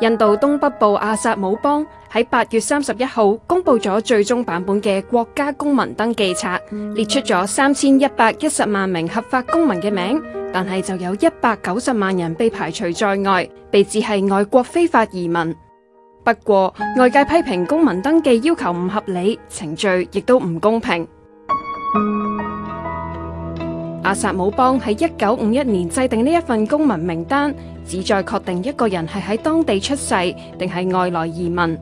印度東北部阿薩姆邦喺八月三十一號公布咗最終版本嘅國家公民登記冊，列出咗三千一百一十萬名合法公民嘅名，但係就有一百九十萬人被排除在外，被指係外國非法移民。不過外界批評公民登記要求唔合理，程序亦都唔公平。阿薩姆邦喺一九五一年制定呢一份公民名單，旨在確定一個人係喺當地出世定係外來移民。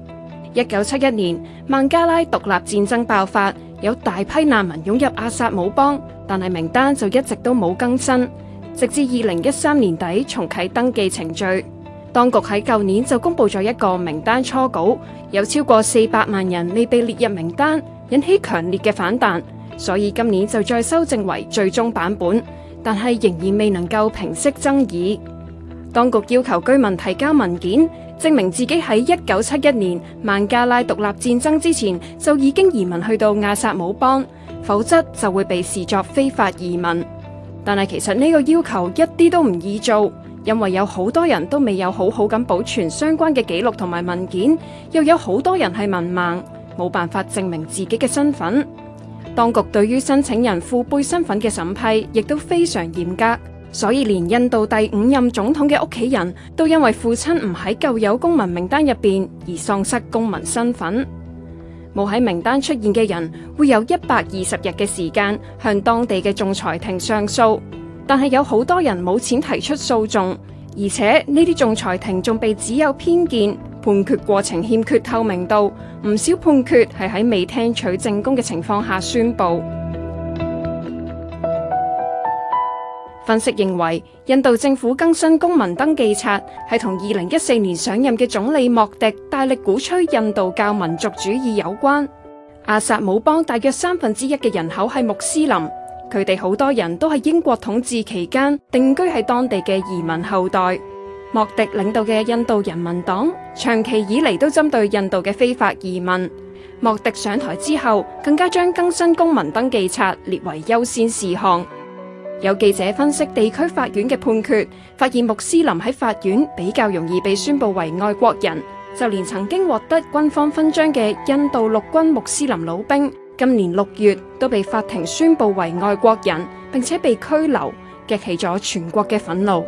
一九七一年，孟加拉獨立戰爭爆發，有大批難民湧入阿薩姆邦，但係名單就一直都冇更新，直至二零一三年底重啟登記程序。當局喺舊年就公布咗一個名單初稿，有超過四百萬人未被列入名單，引起強烈嘅反彈。所以今年就再修正為最終版本，但係仍然未能夠平息爭議。當局要求居民提交文件，證明自己喺一九七一年孟加拉獨立戰爭之前就已經移民去到阿薩姆邦，否則就會被視作非法移民。但係其實呢個要求一啲都唔易做，因為有好多人都未有好好咁保存相關嘅記錄同埋文件，又有好多人係文盲，冇辦法證明自己嘅身份。當局對於申請人父輩身份嘅審批亦都非常嚴格，所以連印度第五任總統嘅屋企人都因為父親唔喺舊有公民名單入邊而喪失公民身份。冇喺名單出現嘅人會有一百二十日嘅時間向當地嘅仲裁庭上訴，但係有好多人冇錢提出訴訟，而且呢啲仲裁庭仲被指有偏見。判決過程欠缺透明度，唔少判決係喺未聽取證供嘅情況下宣佈。分析認為，印度政府更新公民登記冊係同二零一四年上任嘅總理莫迪大力鼓吹印度教民族主義有關。阿薩姆邦大約三分之一嘅人口係穆斯林，佢哋好多人都係英國統治期間定居喺當地嘅移民後代。莫迪領導嘅印度人民黨長期以嚟都針對印度嘅非法移民。莫迪上台之後，更加將更新公民登記冊列為優先事項。有記者分析地區法院嘅判決，發現穆斯林喺法院比較容易被宣布為外國人。就連曾經獲得軍方勳章嘅印度陸軍穆斯林老兵，今年六月都被法庭宣布為外國人，並且被拘留，激起咗全國嘅憤怒。